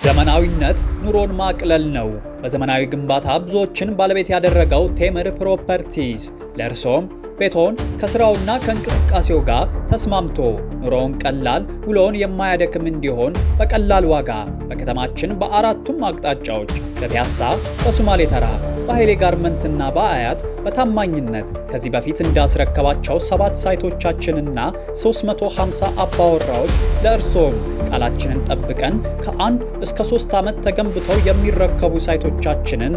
ዘመናዊነት ኑሮን ማቅለል ነው። በዘመናዊ ግንባታ ብዙዎችን ባለቤት ያደረገው ቴምር ፕሮፐርቲስ ለእርሶም ቤቶን ከስራውና ከእንቅስቃሴው ጋር ተስማምቶ ኑሮውን ቀላል ውሎውን የማያደክም እንዲሆን በቀላል ዋጋ በከተማችን በአራቱም አቅጣጫዎች በፒያሳ፣ በሶማሌ ተራ በኃይሌ ጋርመንትና በአያት በታማኝነት ከዚህ በፊት እንዳስረከባቸው ሰባት ሳይቶቻችንና 350 አባወራዎች ለእርስዎም ቃላችንን ጠብቀን ከአንድ እስከ ሶስት ዓመት ተገንብተው የሚረከቡ ሳይቶቻችንን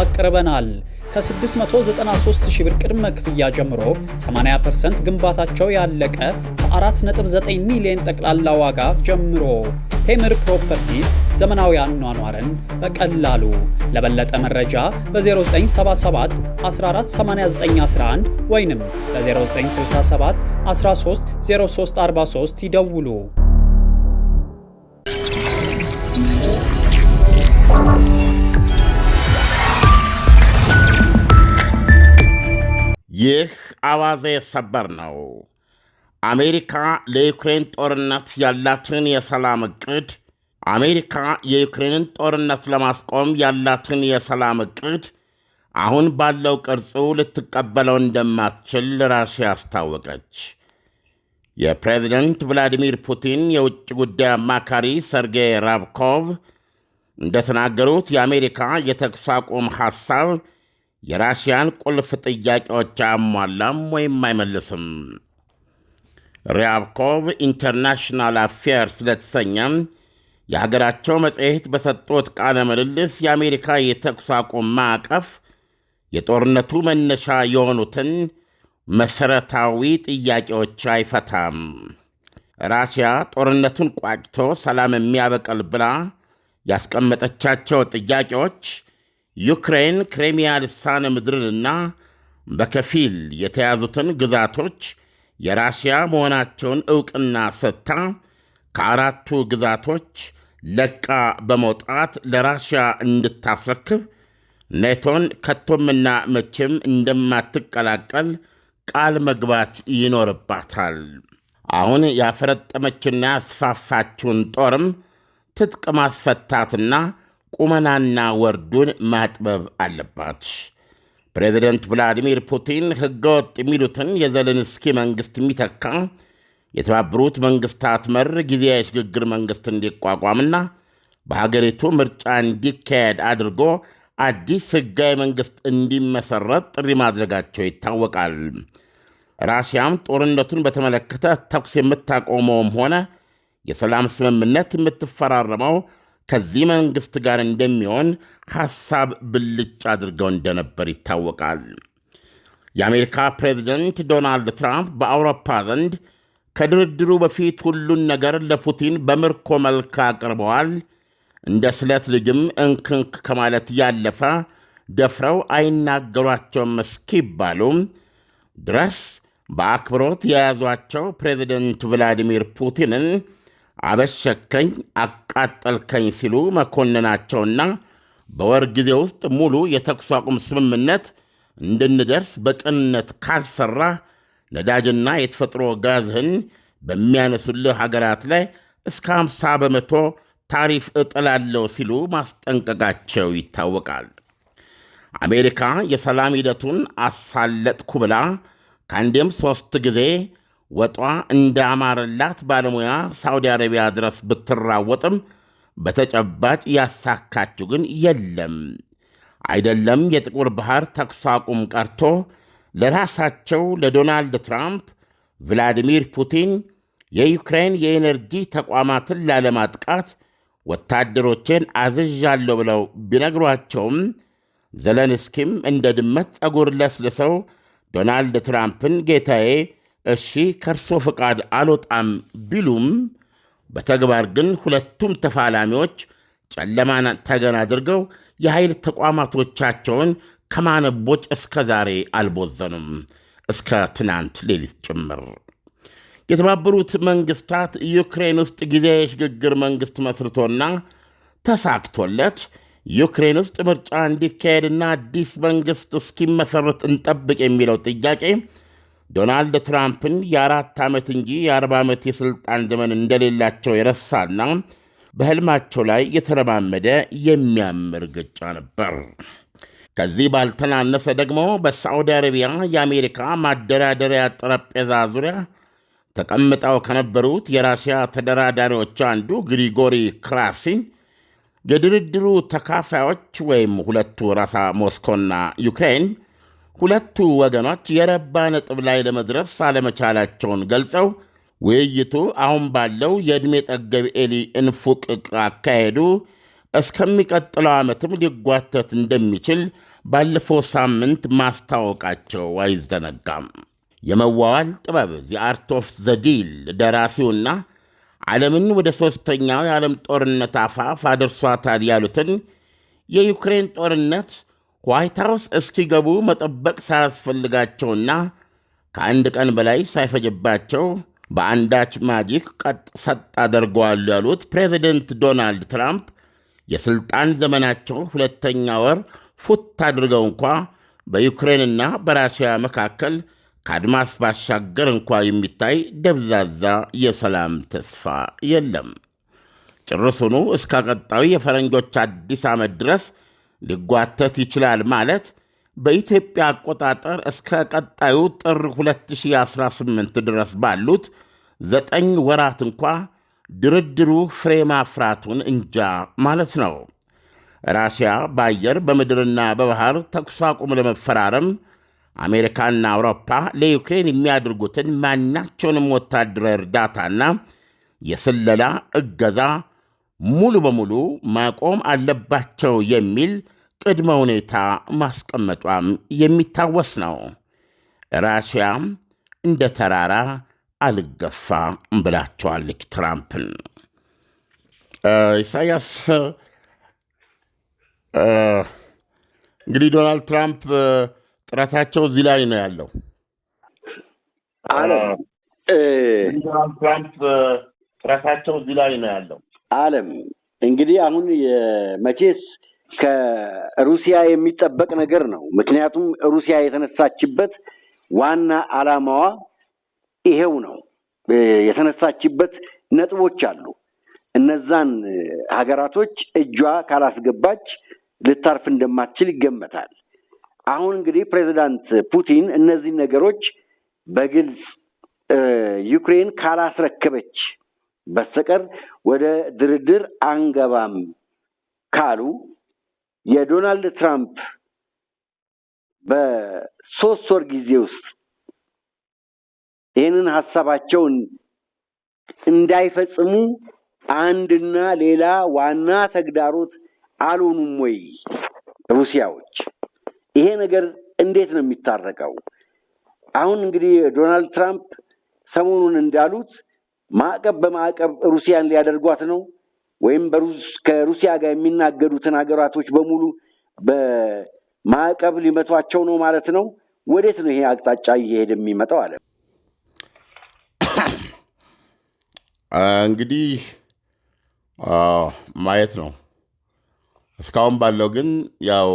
አቅርበናል። ከ693 ሺህ ብር ቅድመ ክፍያ ጀምሮ 80% ግንባታቸው ያለቀ ከ4.9 ሚሊዮን ጠቅላላ ዋጋ ጀምሮ ቴምር ፕሮፐርቲስ ዘመናዊ አኗኗርን በቀላሉ። ለበለጠ መረጃ በ0977 148911 ወይንም በ0967 130343 ይደውሉ። ይህ አዋዜ ሰበር ነው። አሜሪካ ለዩክሬን ጦርነት ያላትን የሰላም ዕቅድ አሜሪካ የዩክሬንን ጦርነት ለማስቆም ያላትን የሰላም ዕቅድ አሁን ባለው ቅርጹ ልትቀበለው እንደማትችል ራሽያ አስታወቀች። የፕሬዝደንት ቭላዲሚር ፑቲን የውጭ ጉዳይ አማካሪ ሰርጌይ ራብኮቭ እንደተናገሩት የአሜሪካ የተኩስ አቁም ሐሳብ የራሽያን ቁልፍ ጥያቄዎች አያሟላም ወይም አይመልስም። ሪያብኮቭ ኢንተርናሽናል አፌርስ ለተሰኘም የሀገራቸው መጽሔት በሰጡት ቃለ ምልልስ የአሜሪካ የተኩስ አቁም ማዕቀፍ የጦርነቱ መነሻ የሆኑትን መሠረታዊ ጥያቄዎች አይፈታም። ራሽያ ጦርነቱን ቋጭቶ ሰላም የሚያበቅል ብላ ያስቀመጠቻቸው ጥያቄዎች ዩክሬን ክሬሚያ ልሳነ ምድርንና በከፊል የተያዙትን ግዛቶች የራሽያ መሆናቸውን ዕውቅና ሰጥታ ከአራቱ ግዛቶች ለቃ በመውጣት ለራሽያ እንድታስረክብ ኔቶን ከቶምና መቼም እንደማትቀላቀል ቃል መግባት ይኖርባታል። አሁን ያፈረጠመችና ያስፋፋችውን ጦርም ትጥቅ ማስፈታትና ቁመናና ወርዱን ማጥበብ አለባት። ፕሬዚደንት ቭላዲሚር ፑቲን ሕገወጥ የሚሉትን የዘለንስኪ መንግሥት የሚተካ የተባበሩት መንግሥታት መር ጊዜያዊ ሽግግር መንግሥት እንዲቋቋምና በሀገሪቱ ምርጫ እንዲካሄድ አድርጎ አዲስ ሕጋዊ መንግሥት እንዲመሠረት ጥሪ ማድረጋቸው ይታወቃል። ራሽያም ጦርነቱን በተመለከተ ተኩስ የምታቆመውም ሆነ የሰላም ስምምነት የምትፈራረመው ከዚህ መንግሥት ጋር እንደሚሆን ሐሳብ ብልጭ አድርገው እንደነበር ይታወቃል። የአሜሪካ ፕሬዚደንት ዶናልድ ትራምፕ በአውሮፓ ዘንድ ከድርድሩ በፊት ሁሉን ነገር ለፑቲን በምርኮ መልክ አቅርበዋል። እንደ ስለት ልጅም እንክንክ ከማለት ያለፈ ደፍረው አይናገሯቸውም እስኪባሉም ድረስ በአክብሮት የያዟቸው ፕሬዚደንት ቭላዲሚር ፑቲንን አበሸከኝ፣ አቃጠልከኝ ሲሉ መኮንናቸውና በወር ጊዜ ውስጥ ሙሉ የተኩስ አቁም ስምምነት እንድንደርስ በቅንነት ካልሰራ ነዳጅና የተፈጥሮ ጋዝህን በሚያነሱልህ ሀገራት ላይ እስከ 50 በመቶ ታሪፍ እጥላለሁ ሲሉ ማስጠንቀቃቸው ይታወቃል። አሜሪካ የሰላም ሂደቱን አሳለጥኩ ብላ ከአንዴም ሦስት ጊዜ ወጧ እንደ ባለሙያ ሳውዲ አረቢያ ድረስ ብትራወጥም በተጨባጭ ያሳካችው ግን የለም። አይደለም የጥቁር ባህር ተኩስ አቁም ቀርቶ ለራሳቸው ለዶናልድ ትራምፕ፣ ቭላዲሚር ፑቲን የዩክሬን የኤነርጂ ተቋማትን ላለማጥቃት ወታደሮቼን አዝዣለሁ ብለው ቢነግሯቸውም ዘለንስኪም እንደ ድመት ጸጉር ለስልሰው ዶናልድ ትራምፕን ጌታዬ እሺ ከእርሶ ፈቃድ አልወጣም ቢሉም በተግባር ግን ሁለቱም ተፋላሚዎች ጨለማን ተገን አድርገው የኃይል ተቋማቶቻቸውን ከማነቦች እስከ ዛሬ አልቦዘኑም፣ እስከ ትናንት ሌሊት ጭምር። የተባበሩት መንግስታት ዩክሬን ውስጥ ጊዜያዊ የሽግግር መንግሥት መስርቶና ተሳክቶለት ዩክሬን ውስጥ ምርጫ እንዲካሄድና አዲስ መንግሥት እስኪመሠረት እንጠብቅ የሚለው ጥያቄ ዶናልድ ትራምፕን የአራት ዓመት እንጂ የአርባ ዓመት የሥልጣን ዘመን እንደሌላቸው የረሳና በሕልማቸው ላይ የተረማመደ የሚያምር ግጫ ነበር። ከዚህ ባልተናነሰ ደግሞ በሳዑዲ አረቢያ የአሜሪካ ማደራደሪያ ጠረጴዛ ዙሪያ ተቀምጠው ከነበሩት የራሽያ ተደራዳሪዎች አንዱ ግሪጎሪ ክራሲን የድርድሩ ተካፋዮች ወይም ሁለቱ ራሳ ሞስኮና ዩክሬን ሁለቱ ወገኖች የረባ ነጥብ ላይ ለመድረስ አለመቻላቸውን ገልጸው ውይይቱ አሁን ባለው የዕድሜ ጠገብ ኤሊ እንፉቅቅ አካሄዱ እስከሚቀጥለው ዓመትም ሊጓተት እንደሚችል ባለፈው ሳምንት ማስታወቃቸው አይዘነጋም። የመዋዋል ጥበብ ዚ አርት ኦፍ ዘ ዲል ደራሲውና ዓለምን ወደ ሦስተኛው የዓለም ጦርነት አፋፍ አድርሷታል ያሉትን የዩክሬን ጦርነት ዋይት ሃውስ እስኪገቡ መጠበቅ ሳያስፈልጋቸውና ከአንድ ቀን በላይ ሳይፈጅባቸው በአንዳች ማጂክ ቀጥ ሰጥ አደርገዋሉ ያሉት ፕሬዚደንት ዶናልድ ትራምፕ የሥልጣን ዘመናቸው ሁለተኛ ወር ፉት አድርገው እንኳ በዩክሬንና በራሽያ መካከል ከአድማስ ባሻገር እንኳ የሚታይ ደብዛዛ የሰላም ተስፋ የለም። ጭርሱኑ እስከ ቀጣዩ የፈረንጆች አዲስ ዓመት ድረስ ሊጓተት ይችላል ማለት በኢትዮጵያ አቆጣጠር እስከ ቀጣዩ ጥር 2018 ድረስ ባሉት ዘጠኝ ወራት እንኳ ድርድሩ ፍሬ ማፍራቱን እንጃ ማለት ነው። ራሽያ በአየር በምድርና በባህር ተኩስ አቁም ለመፈራረም አሜሪካና አውሮፓ ለዩክሬን የሚያደርጉትን ማናቸውንም ወታደራዊ እርዳታና የስለላ እገዛ ሙሉ በሙሉ ማቆም አለባቸው የሚል ቅድመ ሁኔታ ማስቀመጧም የሚታወስ ነው። ራሽያ እንደ ተራራ አልገፋ ብላቸዋለች ትራምፕን። ኢሳያስ እንግዲህ ዶናልድ ትራምፕ ጥረታቸው እዚህ ላይ ነው ያለው። ዶናልድ ትራምፕ ጥረታቸው እዚህ ላይ ነው ያለው። አለም እንግዲህ አሁን የመቼስ ከሩሲያ የሚጠበቅ ነገር ነው። ምክንያቱም ሩሲያ የተነሳችበት ዋና ዓላማዋ ይሄው ነው። የተነሳችበት ነጥቦች አሉ። እነዛን ሀገራቶች እጇ ካላስገባች ልታርፍ እንደማትችል ይገመታል። አሁን እንግዲህ ፕሬዚዳንት ፑቲን እነዚህን ነገሮች በግልጽ ዩክሬን ካላስረከበች በስተቀር ወደ ድርድር አንገባም ካሉ የዶናልድ ትራምፕ በሶስት ወር ጊዜ ውስጥ ይህንን ሀሳባቸውን እንዳይፈጽሙ አንድና ሌላ ዋና ተግዳሮት አልሆኑም ወይ? ሩሲያዎች ይሄ ነገር እንዴት ነው የሚታረቀው? አሁን እንግዲህ ዶናልድ ትራምፕ ሰሞኑን እንዳሉት ማዕቀብ በማዕቀብ ሩሲያን ሊያደርጓት ነው። ወይም ከሩሲያ ጋር የሚናገዱትን ሀገራቶች በሙሉ በማዕቀብ ሊመቷቸው ነው ማለት ነው። ወዴት ነው ይሄ አቅጣጫ እየሄደ የሚመጣው? አለ እንግዲህ ማየት ነው። እስካሁን ባለው ግን ያው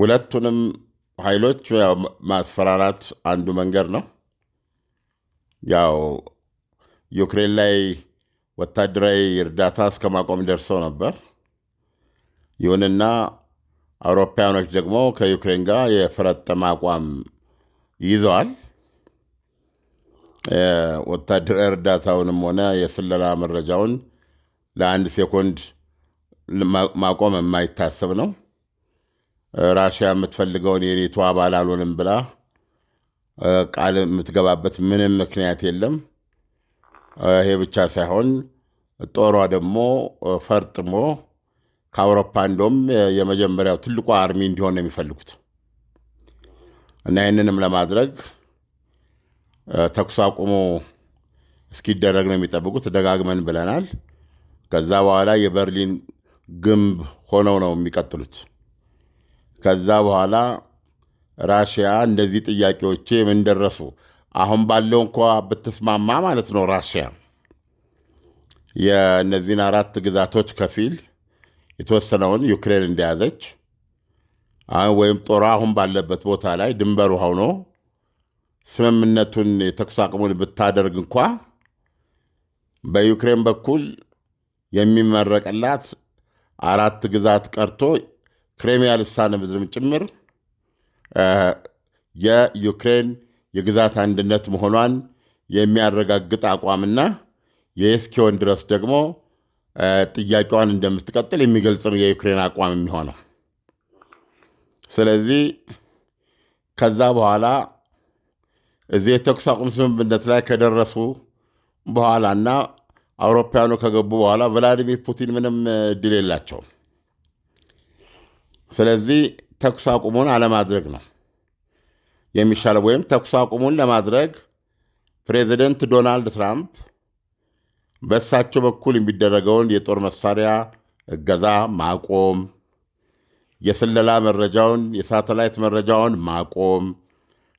ሁለቱንም ኃይሎች ማስፈራራት አንዱ መንገድ ነው ያው ዩክሬን ላይ ወታደራዊ እርዳታ እስከ ማቆም ደርሰው ነበር። ይሁንና አውሮፓውያኖች ደግሞ ከዩክሬን ጋር የፈረጠመ አቋም ይዘዋል። ወታደራዊ እርዳታውንም ሆነ የስለላ መረጃውን ለአንድ ሴኮንድ ማቆም የማይታሰብ ነው። ራሽያ የምትፈልገውን የኔቶ አባል አልሆንም ብላ ቃል የምትገባበት ምንም ምክንያት የለም። ይሄ ብቻ ሳይሆን ጦሯ ደግሞ ፈርጥሞ ከአውሮፓ እንደውም የመጀመሪያው ትልቋ አርሚ እንዲሆን ነው የሚፈልጉት እና ይህንንም ለማድረግ ተኩስ አቁሙ እስኪደረግ ነው የሚጠብቁት። ደጋግመን ብለናል። ከዛ በኋላ የበርሊን ግንብ ሆነው ነው የሚቀጥሉት። ከዛ በኋላ ራሽያ እንደዚህ ጥያቄዎቼ ምን ደረሱ አሁን ባለው እንኳ ብትስማማ ማለት ነው ራሽያ የእነዚህን አራት ግዛቶች ከፊል የተወሰነውን ዩክሬን እንደያዘች ወይም ጦሯ አሁን ባለበት ቦታ ላይ ድንበሩ ሆኖ ስምምነቱን የተኩስ አቅሙን ብታደርግ እንኳ በዩክሬን በኩል የሚመረቅላት አራት ግዛት ቀርቶ ክሬሚያ ልሳነ ምድርም ጭምር የዩክሬን የግዛት አንድነት መሆኗን የሚያረጋግጥ አቋምና የስኪዮን ድረስ ደግሞ ጥያቄዋን እንደምትቀጥል የሚገልጽ ነው የዩክሬን አቋም የሚሆነው። ስለዚህ ከዛ በኋላ እዚህ የተኩስ አቁም ስምምነት ላይ ከደረሱ በኋላና አውሮፓውያኑ ከገቡ በኋላ ቭላዲሚር ፑቲን ምንም እድል የላቸውም። ስለዚህ ተኩስ አቁሙን አለማድረግ ነው። የሚሻለው ወይም ተኩስ አቁሙን ለማድረግ ፕሬዚደንት ዶናልድ ትራምፕ በእሳቸው በኩል የሚደረገውን የጦር መሳሪያ እገዛ ማቆም፣ የስለላ መረጃውን የሳተላይት መረጃውን ማቆም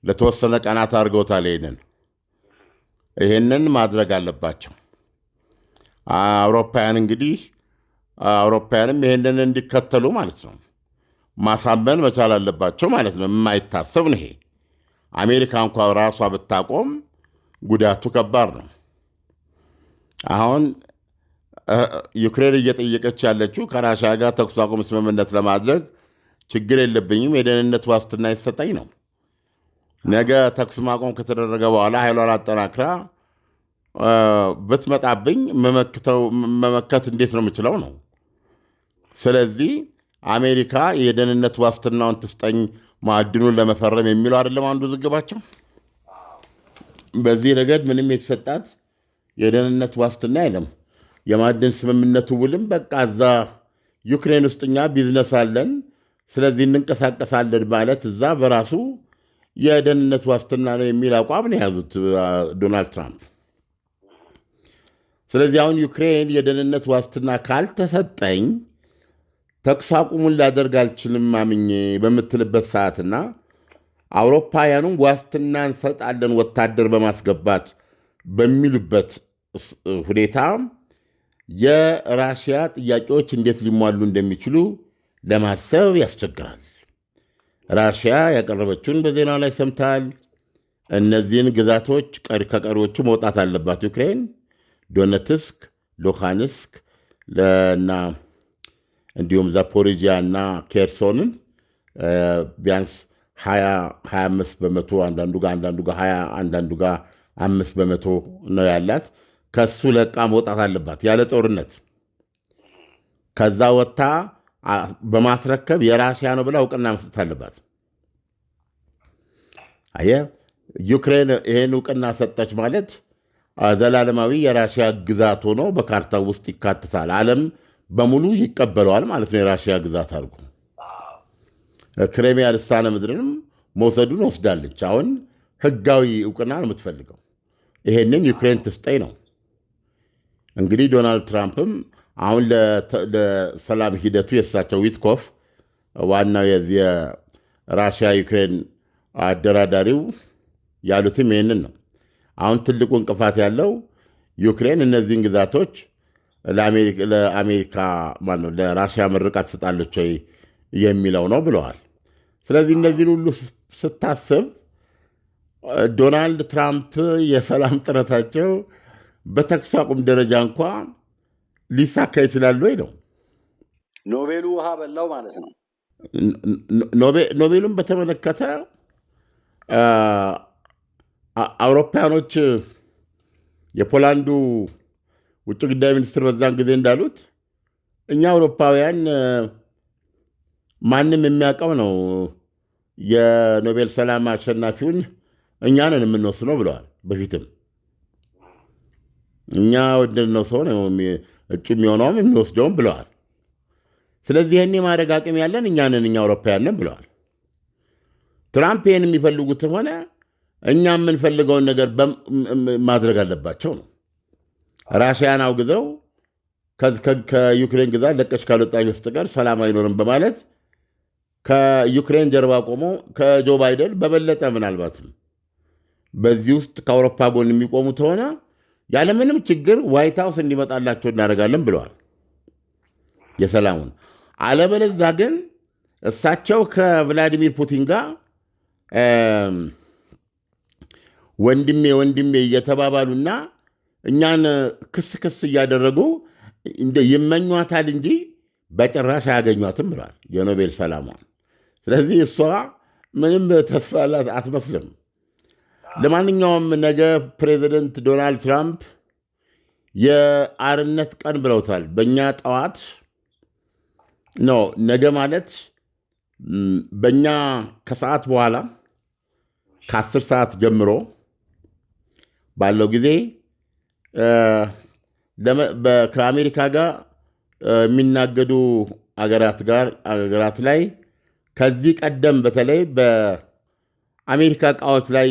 ለተወሰነ ቀናት አድርገውታል። ይህንን ይህንን ማድረግ አለባቸው። አውሮፓውያን እንግዲህ አውሮፓውያንም ይህንን እንዲከተሉ ማለት ነው ማሳመን መቻል አለባቸው ማለት ነው። የማይታሰብ ነው ይሄ። አሜሪካ እንኳ ራሷ ብታቆም ጉዳቱ ከባድ ነው። አሁን ዩክሬን እየጠየቀች ያለችው ከራሻ ጋር ተኩስ አቁም ስምምነት ለማድረግ ችግር የለብኝም የደህንነት ዋስትና ይሰጠኝ ነው። ነገ ተኩስ ማቆም ከተደረገ በኋላ ኃይሏን አጠናክራ ብትመጣብኝ መመከት እንዴት ነው የምችለው ነው። ስለዚህ አሜሪካ የደህንነት ዋስትናውን ትስጠኝ ማዕድኑን ለመፈረም የሚለው አይደለም አንዱ ዝግባቸው። በዚህ ረገድ ምንም የተሰጣት የደህንነት ዋስትና የለም። የማዕድን ስምምነቱ ውልም በቃ እዛ ዩክሬን ውስጥ እኛ ቢዝነስ አለን፣ ስለዚህ እንንቀሳቀሳለን ማለት እዛ በራሱ የደህንነት ዋስትና ነው የሚል አቋም ነው የያዙት ዶናልድ ትራምፕ። ስለዚህ አሁን ዩክሬን የደህንነት ዋስትና ካልተሰጠኝ ተኩስ አቁሙን ላደርግ አልችልም አምኜ በምትልበት ሰዓትና አውሮፓውያኑም ዋስትና እንሰጣለን ወታደር በማስገባት በሚሉበት ሁኔታ የራሽያ ጥያቄዎች እንዴት ሊሟሉ እንደሚችሉ ለማሰብ ያስቸግራል። ራሽያ ያቀረበችውን በዜና ላይ ሰምታል። እነዚህን ግዛቶች ከቀሪዎቹ መውጣት አለባት ዩክሬን ዶነትስክ፣ ሉሃንስክ እና እንዲሁም ዛፖሪጂያ እና ኬርሶንን ቢያንስ 25 በመቶ አንዳንዱ ጋ አንዳንዱ ጋ 20 አንዳንዱ ጋ አምስት በመቶ ነው ያላት። ከሱ ለቃ መውጣት አለባት ያለ ጦርነት። ከዛ ወጥታ በማስረከብ የራሽያ ነው ብላ እውቅና መስጠት አለባት። አየ ዩክሬን ይሄን እውቅና ሰጠች ማለት ዘላለማዊ የራሽያ ግዛት ሆኖ በካርታ ውስጥ ይካትታል ዓለም በሙሉ ይቀበለዋል ማለት ነው የራሽያ ግዛት አድርጎ። ክሬሚያ ልሳነ ምድርንም መውሰዱን ወስዳለች። አሁን ህጋዊ እውቅና ነው የምትፈልገው። ይሄንን ዩክሬን ትስጠኝ ነው እንግዲህ። ዶናልድ ትራምፕም አሁን ለሰላም ሂደቱ የእሳቸው ዊትኮፍ ዋናው የራሽያ ዩክሬን አደራዳሪው ያሉትም ይህንን ነው። አሁን ትልቁ እንቅፋት ያለው ዩክሬን እነዚህን ግዛቶች ለአሜሪካ ማነው ለራሽያ ምርቃት ትሰጣለች ወይ የሚለው ነው ብለዋል። ስለዚህ እነዚህን ሁሉ ስታስብ ዶናልድ ትራምፕ የሰላም ጥረታቸው በተኩስ አቁም ደረጃ እንኳ ሊሳካ ይችላል ወይ ነው ኖቤሉ። ውሃ በላው ማለት ነው። ኖቤሉን በተመለከተ አውሮፓያኖች የፖላንዱ ውጭ ጉዳይ ሚኒስትር በዛን ጊዜ እንዳሉት እኛ አውሮፓውያን ማንም የሚያውቀው ነው የኖቤል ሰላም አሸናፊውን እኛንን የምንወስነው ብለዋል። በፊትም እኛ ወደድነው ሰው ነው እጩ የሚሆነውም የሚወስደውም ብለዋል። ስለዚህ ይህን የማድረግ አቅም ያለን እኛንን እኛ አውሮፓውያንን ብለዋል። ትራምፕ ይህን የሚፈልጉት ሆነ እኛ የምንፈልገውን ነገር ማድረግ አለባቸው ነው። ራሽያን አውግዘው ከዩክሬን ግዛት ለቀሽ ካልወጣች በስተቀር ሰላም አይኖርም በማለት ከዩክሬን ጀርባ ቆሞ ከጆ ባይደን በበለጠ ምናልባትም በዚህ ውስጥ ከአውሮፓ ጎን የሚቆሙ ከሆነ ያለምንም ችግር ዋይት ሀውስ እንዲመጣላቸው እናደርጋለን ብለዋል። የሰላሙን አለበለዛ ግን እሳቸው ከቭላዲሚር ፑቲን ጋር ወንድሜ ወንድሜ እየተባባሉና እኛን ክስ ክስ እያደረጉ እንደ ይመኟታል እንጂ በጭራሽ አያገኟትም ብሏል የኖቤል ሰላሟን። ስለዚህ እሷ ምንም ተስፋ አትመስልም። ለማንኛውም ነገ ፕሬዚደንት ዶናልድ ትራምፕ የአርነት ቀን ብለውታል። በእኛ ጠዋት ነው ነገ ማለት በእኛ ከሰዓት በኋላ ከአስር ሰዓት ጀምሮ ባለው ጊዜ ከአሜሪካ ጋር የሚናገዱ አገራት ጋር አገራት ላይ ከዚህ ቀደም በተለይ በአሜሪካ እቃዎች ላይ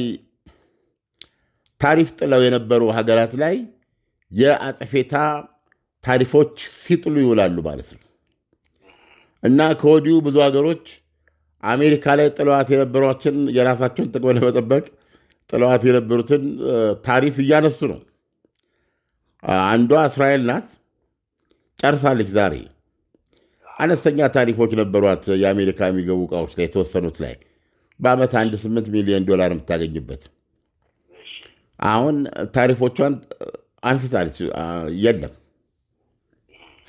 ታሪፍ ጥለው የነበሩ ሀገራት ላይ የአጸፌታ ታሪፎች ሲጥሉ ይውላሉ ማለት ነው እና ከወዲሁ ብዙ ሀገሮች አሜሪካ ላይ ጥለዋት የነበሯችን የራሳቸውን ጥቅም ለመጠበቅ ጥለዋት የነበሩትን ታሪፍ እያነሱ ነው። አንዷ እስራኤል ናት። ጨርሳለች። ዛሬ አነስተኛ ታሪፎች ነበሯት የአሜሪካ የሚገቡ እቃዎች ላይ የተወሰኑት ላይ በአመት አንድ ስምንት ሚሊዮን ዶላር የምታገኝበት አሁን ታሪፎቿን አንስታለች። የለም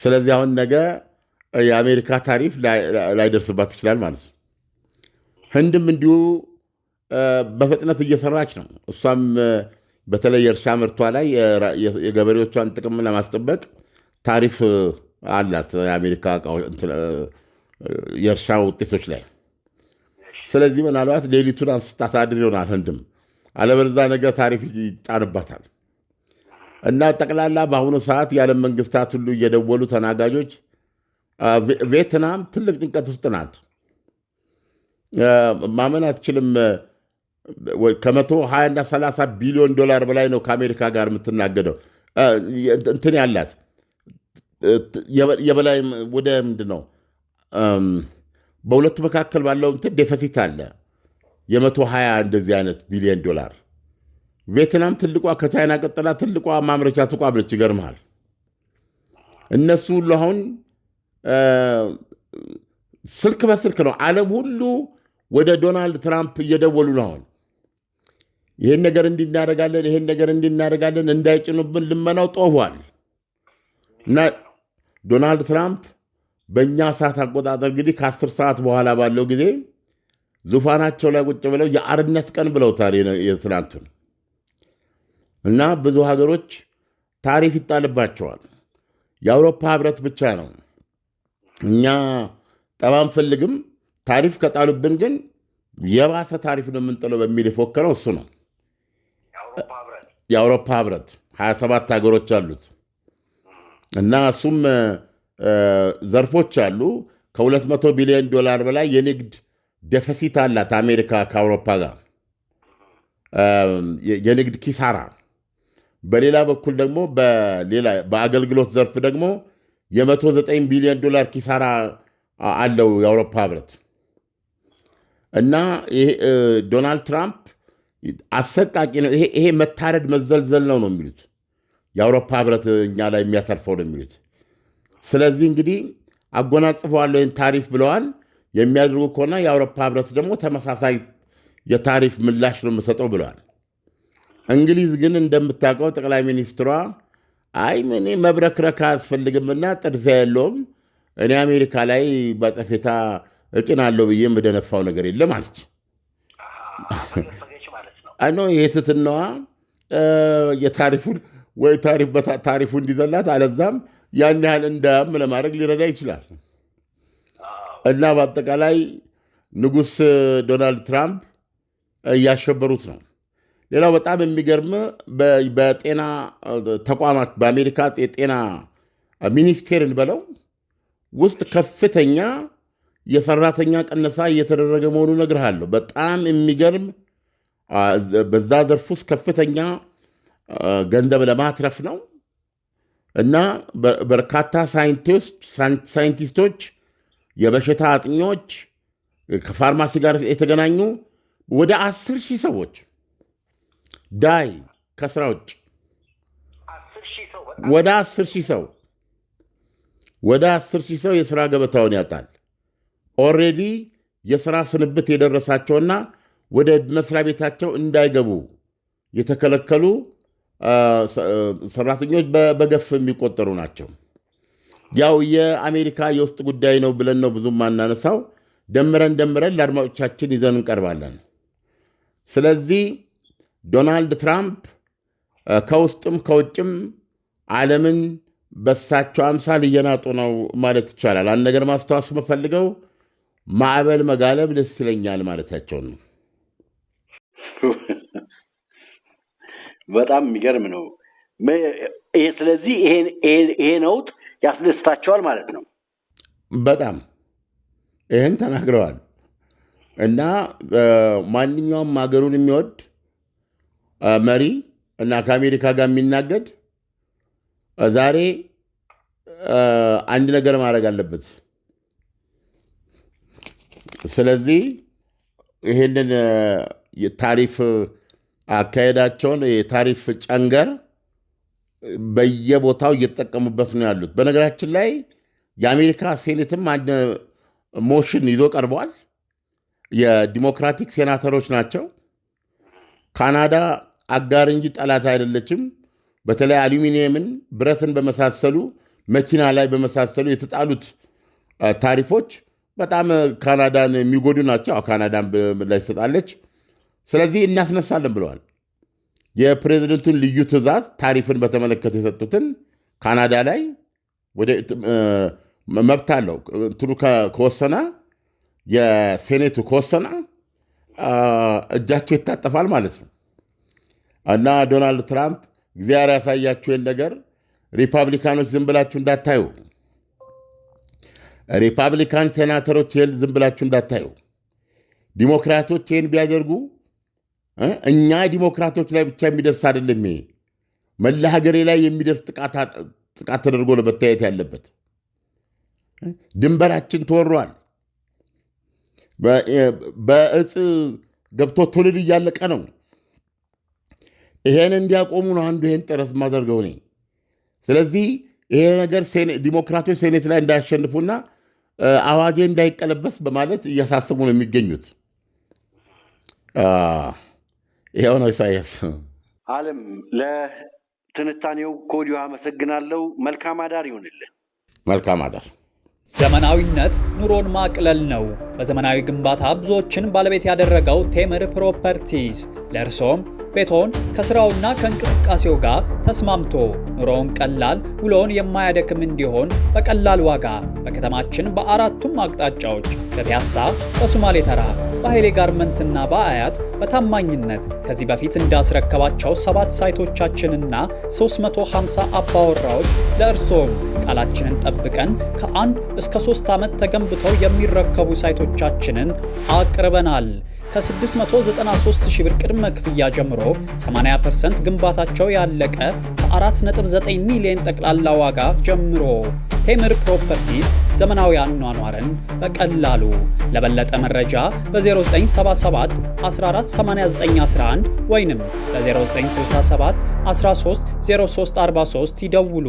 ስለዚህ አሁን ነገ የአሜሪካ ታሪፍ ላይደርስባት ይችላል ማለት ነው። ህንድም እንዲሁ በፍጥነት እየሰራች ነው እሷም በተለይ የእርሻ ምርቷ ላይ የገበሬዎቿን ጥቅም ለማስጠበቅ ታሪፍ አላት የአሜሪካ የእርሻ ውጤቶች ላይ። ስለዚህ ምናልባት ሌሊቱን ስታሳድር ይሆናል ህንድም፣ አለበለዛ ነገ ታሪፍ ይጫንባታል። እና ጠቅላላ በአሁኑ ሰዓት የዓለም መንግስታት ሁሉ እየደወሉ ተናጋጆች ቪየትናም ትልቅ ጭንቀት ውስጥ ናት። ማመን አትችልም። ከመቶ 20 እና 30 ቢሊዮን ዶላር በላይ ነው ከአሜሪካ ጋር የምትናገደው እንትን ያላት የበላይ ወደ ምንድን ነው በሁለቱ መካከል ባለው እንትን ዴፈሲት አለ የመቶ 20 እንደዚህ አይነት ቢሊዮን ዶላር። ቬትናም ትልቋ ከቻይና ቀጠላ ትልቋ ማምረቻ ተቋም ነች። ይገርመሃል። እነሱ ሁሉ አሁን ስልክ በስልክ ነው ዓለም ሁሉ ወደ ዶናልድ ትራምፕ እየደወሉ ነው አሁን ይህን ነገር እንዲናደርጋለን ይህን ነገር እንዲናደርጋለን እንዳይጭኑብን ልመናው ጦፏል እና ዶናልድ ትራምፕ በእኛ ሰዓት አቆጣጠር እንግዲህ ከአስር ሰዓት በኋላ ባለው ጊዜ ዙፋናቸው ላይ ቁጭ ብለው የአርነት ቀን ብለውታል የትናንቱን እና ብዙ ሀገሮች ታሪፍ ይጣልባቸዋል። የአውሮፓ ህብረት ብቻ ነው እኛ ጠባን ፈልግም ታሪፍ ከጣሉብን ግን የባሰ ታሪፍ ነው የምንጥለው በሚል የፎከረው እሱ ነው። የአውሮፓ ህብረት ሀያ ሀገሮች አሉት እና እሱም ዘርፎች አሉ። ከ200 ቢሊዮን ዶላር በላይ የንግድ ደፈሲት አላት አሜሪካ ከአውሮፓ ጋር የንግድ ኪሳራ። በሌላ በኩል ደግሞ በአገልግሎት ዘርፍ ደግሞ የ109 ቢሊዮን ዶላር ኪሳራ አለው የአውሮፓ ህብረት እና ዶናልድ ትራምፕ አሰቃቂ ነው። ይሄ መታረድ መዘልዘል ነው ነው የሚሉት የአውሮፓ ህብረት እኛ ላይ የሚያተርፈው ነው የሚሉት። ስለዚህ እንግዲህ አጎናጽፈዋለሁ ይህን ታሪፍ ብለዋል። የሚያደርጉ ከሆነ የአውሮፓ ህብረት ደግሞ ተመሳሳይ የታሪፍ ምላሽ ነው የምሰጠው ብለዋል። እንግሊዝ ግን እንደምታውቀው ጠቅላይ ሚኒስትሯ አይ እኔ መብረክረክ አያስፈልግምና ጥድፊያ የለውም እኔ አሜሪካ ላይ በጸፌታ እቅናለሁ ብዬ የምደነፋው ነገር የለም አለች። አይኖ የትትናዋ የታሪፉን ወይ ታሪፉ እንዲዘላት አለዛም ያን ያህል እንዳያም ለማድረግ ሊረዳ ይችላል እና በአጠቃላይ ንጉሥ ዶናልድ ትራምፕ እያሸበሩት ነው። ሌላው በጣም የሚገርም በጤና ተቋማት በአሜሪካ የጤና ሚኒስቴርን በለው ውስጥ ከፍተኛ የሰራተኛ ቅነሳ እየተደረገ መሆኑ ነግርሃለሁ። በጣም የሚገርም በዛ ዘርፍ ውስጥ ከፍተኛ ገንዘብ ለማትረፍ ነው እና በርካታ ሳይንቲስቶች፣ የበሽታ አጥኚዎች ከፋርማሲ ጋር የተገናኙ ወደ አስር ሺህ ሰዎች ዳይ ከስራ ውጭ ወደ አስር ሺህ ሰው ወደ አስር ሺህ ሰው የስራ ገበታውን ያጣል። ኦልሬዲ የስራ ስንብት የደረሳቸውና ወደ መስሪያ ቤታቸው እንዳይገቡ የተከለከሉ ሰራተኞች በገፍ የሚቆጠሩ ናቸው። ያው የአሜሪካ የውስጥ ጉዳይ ነው ብለን ነው ብዙ ማናነሳው። ደምረን ደምረን ለአድማጮቻችን ይዘን እንቀርባለን። ስለዚህ ዶናልድ ትራምፕ ከውስጥም ከውጭም ዓለምን በሳቸው አምሳል እየናጡ ነው ማለት ይቻላል። አንድ ነገር ማስታወስ የምፈልገው ማዕበል መጋለብ ደስ ይለኛል ማለታቸው ነው። በጣም የሚገርም ነው። ስለዚህ ይሄ ነውጥ ያስደስታቸዋል ማለት ነው። በጣም ይህን ተናግረዋል። እና ማንኛውም ሀገሩን የሚወድ መሪ እና ከአሜሪካ ጋር የሚናገድ ዛሬ አንድ ነገር ማድረግ አለበት። ስለዚህ ይህንን። የታሪፍ አካሄዳቸውን የታሪፍ ጨንገር በየቦታው እየተጠቀሙበት ነው ያሉት። በነገራችን ላይ የአሜሪካ ሴኔትም አንድ ሞሽን ይዞ ቀርበዋል። የዲሞክራቲክ ሴናተሮች ናቸው። ካናዳ አጋር እንጂ ጠላት አይደለችም። በተለይ አሉሚኒየምን፣ ብረትን በመሳሰሉ መኪና ላይ በመሳሰሉ የተጣሉት ታሪፎች በጣም ካናዳን የሚጎዱ ናቸው። ካናዳን ላይ ትሰጣለች። ስለዚህ እናስነሳለን ብለዋል። የፕሬዝደንቱን ልዩ ትዕዛዝ ታሪፍን በተመለከተ የሰጡትን ካናዳ ላይ መብት አለው እንትኑ ከወሰነ የሴኔቱ ከወሰነ እጃቸው ይታጠፋል ማለት ነው እና ዶናልድ ትራምፕ እግዚአብሔር ያሳያችሁን ነገር ሪፐብሊካኖች ዝም ብላችሁ እንዳታዩ፣ ሪፐብሊካን ሴናተሮች ይህን ዝም ብላችሁ እንዳታዩ፣ ዲሞክራቶች ይህን ቢያደርጉ እኛ ዲሞክራቶች ላይ ብቻ የሚደርስ አይደለም። ይሄ መላ ሀገሬ ላይ የሚደርስ ጥቃት ተደርጎ መታየት ያለበት ድንበራችን ተወሯል። በእጽ ገብቶ ትውልድ እያለቀ ነው። ይሄን እንዲያቆሙ ነው አንዱ ይሄን ጥረት ማደርገው እኔ። ስለዚህ ይሄ ነገር ዲሞክራቶች ሴኔት ላይ እንዳያሸንፉና አዋጄ እንዳይቀለበስ በማለት እያሳሰቡ ነው የሚገኙት። ይኸው ነው ኢሳያስ። አለም ለትንታኔው ከወዲሁ አመሰግናለሁ። መልካም አዳር ይሆንልን። መልካም አዳር። ዘመናዊነት ኑሮን ማቅለል ነው። በዘመናዊ ግንባታ ብዙዎችን ባለቤት ያደረገው ቴምር ፕሮፐርቲስ ለእርሶም ቤቶን ከስራውና ከእንቅስቃሴው ጋር ተስማምቶ ኑሮውን ቀላል ውሎውን የማያደክም እንዲሆን በቀላል ዋጋ በከተማችን በአራቱም አቅጣጫዎች በፒያሳ፣ በሶማሌ ተራ በኃይሌ ጋርመንትና በአያት በታማኝነት ከዚህ በፊት እንዳስረከባቸው ሰባት ሳይቶቻችንና 350 አባወራዎች ለእርስዎም ቃላችንን ጠብቀን ከአንድ እስከ ሶስት ዓመት ተገንብተው የሚረከቡ ሳይቶቻችንን አቅርበናል። ከ693 ሺህ ብር ቅድመ ክፍያ ጀምሮ 80% ግንባታቸው ያለቀ ከ4.9 ሚሊዮን ጠቅላላ ዋጋ ጀምሮ ቴምር ፕሮፐርቲስ ዘመናዊ አኗኗርን በቀላሉ። ለበለጠ መረጃ በ0977 148911 ወይንም በ0967 130343 ይደውሉ።